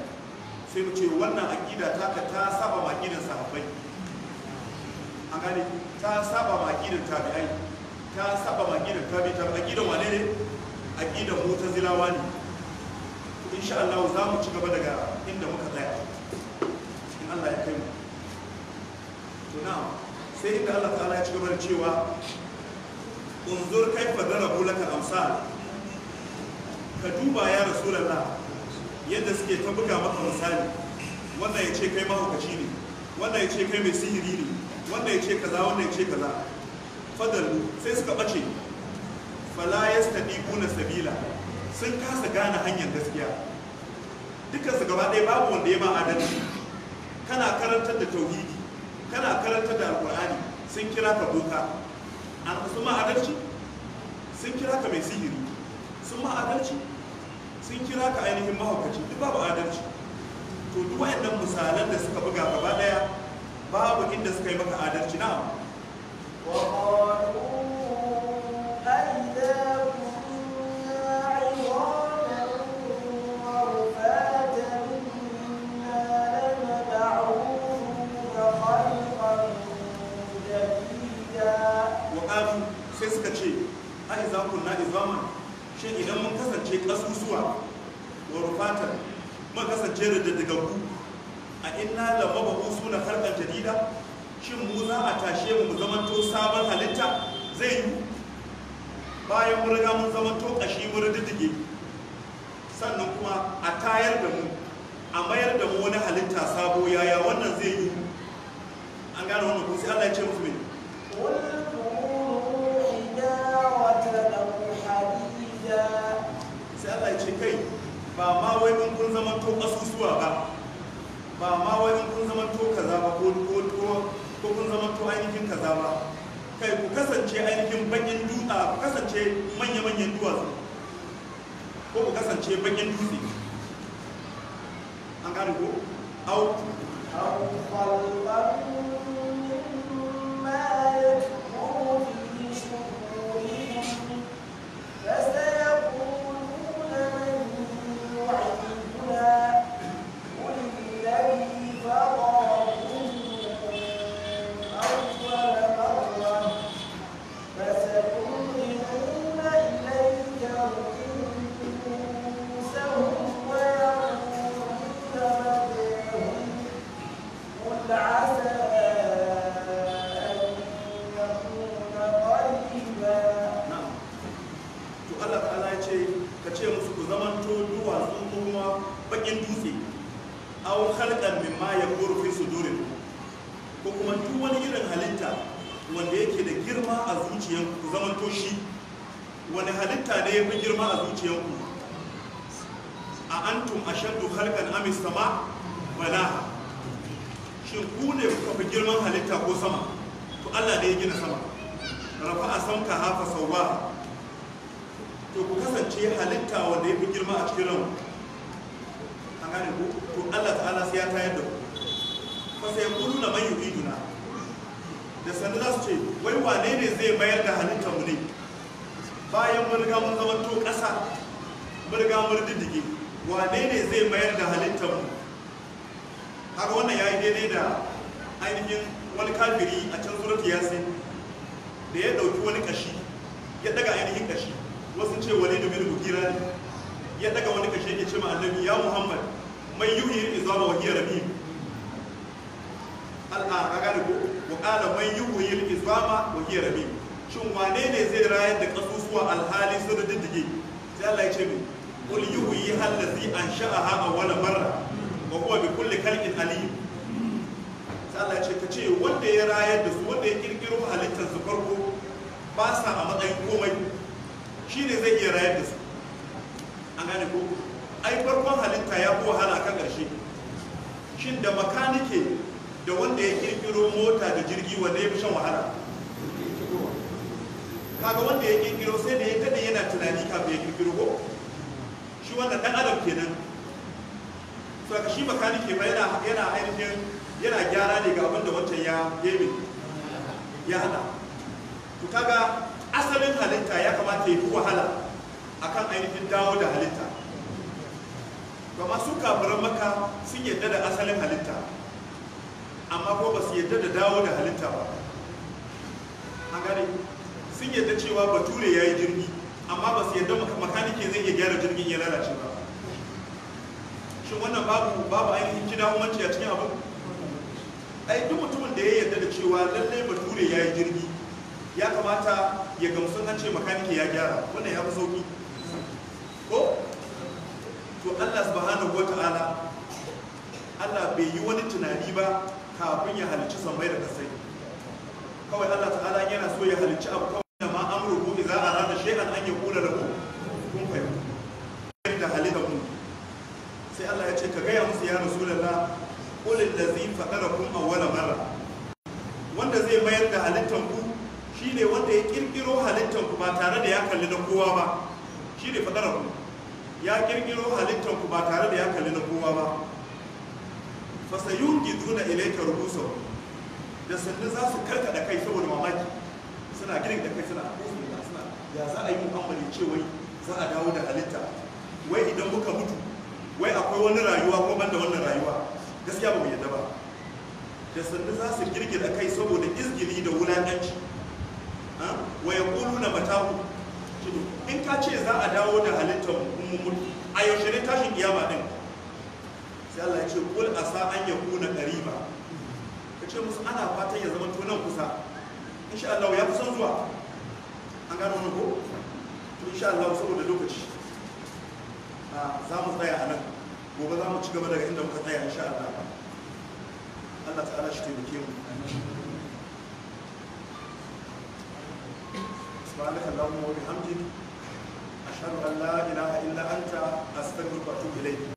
sai mu ce wannan aƙida ta ka ta saba ma sahabbai an gane ta saba ma tabi'ai ta saba ma aƙidan ta tabi aƙidan wane ne aƙidan mutazilawa ne insha Allah za mu ci gaba daga inda muka tsaya in Allah ya kai mu to na sai inda Allah ta'ala ya ci gaba da cewa unzur kaifa darabu laka amsal ka duba ya rasulallah yadda suke ta buga maka misali wannan ya ce kai mahaukaci ne wannan ya ce kai mai sihiri ne wannan ya ce kaza wannan ya ce kaza fadalu sai suka bace fala ya kuna sabila sun kasa gane hanyar gaskiya dukkan su gaba ɗaya babu wanda ya ma adalci kana karantar da tauhidi kana karantar da alqur'ani sun kira ka boka an su ma adalci sun kira ka mai sihiri sun ma adalci sun kira ka ainihin mahaukaci duk babu adalci to duk wayannan misalan da suka buga gaba daya babu inda suka yi maka adalci na sai suka ce a iza izaman shi idan mun kasance ƙasusuwa wa rufatan mun kasance da ku, a inna da mababu suna harkar jadida shin mu za a tashe mu to sabon halitta zai yi bayan mun riga mun to kashi mun rididdige sannan kuma a tayar da mu a mayar da mu wani halitta sabo yaya wannan zai yi an gane wannan ko sai Allah ya ce musu me to kasusuwa ba ba ma in kun to kaza ba ko ko kun zama to ainihin kaza ba kai ku kasance ainihin bakin dutsa ku kasance manya-manyan duwatsu ko ku kasance bakin dutse an gane ko au au da sanda za su ce wai wane ne zai mayar da hannun mu ne bayan mun riga mun zama to ƙasa mun riga mun diddige wane ne zai mayar da hannun tamu haka wannan ya yi daidai da ainihin wani kafiri a can surat yasin da ya ɗauki wani kashi ya daga ainihin kashi wasu ce wani da bin bugira ya daga wani kashi ya ce ma annabi ya muhammad mai yuhi izama wa hiya rabim al'a kagani ko wa qala man yuhyi al-izama wa hiya rabi. shin wane ne zai rayar da kasusuwa alhali sun diddige sai Allah ya ce min yi qul yuhyi allazi a awwala marra wa huwa bi kulli khalqin alim sai Allah ya ce ce, wanda ya rayar da su wanda ya kirkiro halittar su farko ba sa a matsayin komai Shi ne zai iya rayar da su an gane ko ai farkon halitta ya fi hana kan ƙarshe shin da makanike da wanda ya kirkiro mota da jirgi wanda ya fi shan wahala kaga wanda ya kirkiro sai da ya kada yana tunani kafin ya kirkiro ko shi wannan dan adam kenan so ka shi makani ke yana yana ainihin yana gyara ne ga abin da wancan ya yemi ya hada to kaga asalin halitta ya kamata ya fi wahala akan ainihin dawo da halitta to masu su kafiran maka sun yadda da asalin halitta amma ko ba su yadda da dawo da halitta ba a gane sun yadda cewa bature ya yi jirgi amma ba su yadda makanike zai iya gyara jirgin ya lalace ba shin wannan babu babu ainihin kida umarci a cikin abin ai duk mutumin da ya yarda da cewa lallai bature ya yi jirgi ya kamata ya gamsu an ce makanike ya gyara wannan ya fi sauki ko to allah subhanahu wa ta'ala allah bai yi wani tunani ba kafin ya halicci sammai da kasai kawai Allah ta'ala yana so ya halicci abu kawai da ma amruhu idza arada shay'an an yaqula ku, kun fayakun da halidakum sai Allah ya ce ka gaya musu ya rasulullah qul allazi faqarakum awwala marra wanda zai mayar da halittan ku shine wanda ya kirkiro halittan ku ba tare da ya kalli na kowa ba shine faqarakum ya kirkiro halittan ku ba tare da ya kalli na kowa ba fasa yungi duna ilaika rubusa da sannan za su karka da kai saboda mamaki suna girin da kai suna suna ya za a yi mu'amali cewa za a dawo da halitta wai idan muka mutu wai akwai wani rayuwa ko banda wannan rayuwa gaskiya ba mu yadda ba da sannan za su da kai saboda izgili da wulaƙanci wa ya ƙulu na mataku in ka ce za a dawo da halittar mu mutu a yaushe ne tashin kiyama ɗin sai Allah ya ce kul asa an yakuna qariba ka ce musu ana fatan ya zama to nan kusa insha Allah ya kusan zuwa an gano wannan ko to insha Allah saboda lokaci ah, za mu tsaya a nan gobe za mu ci gaba daga inda muka tsaya insha Allah Allah ta'ala shi taimake mu سبحانك اللهم وبحمدك أشهد أن لا إله إلا أنت أستغفرك وأتوب إليك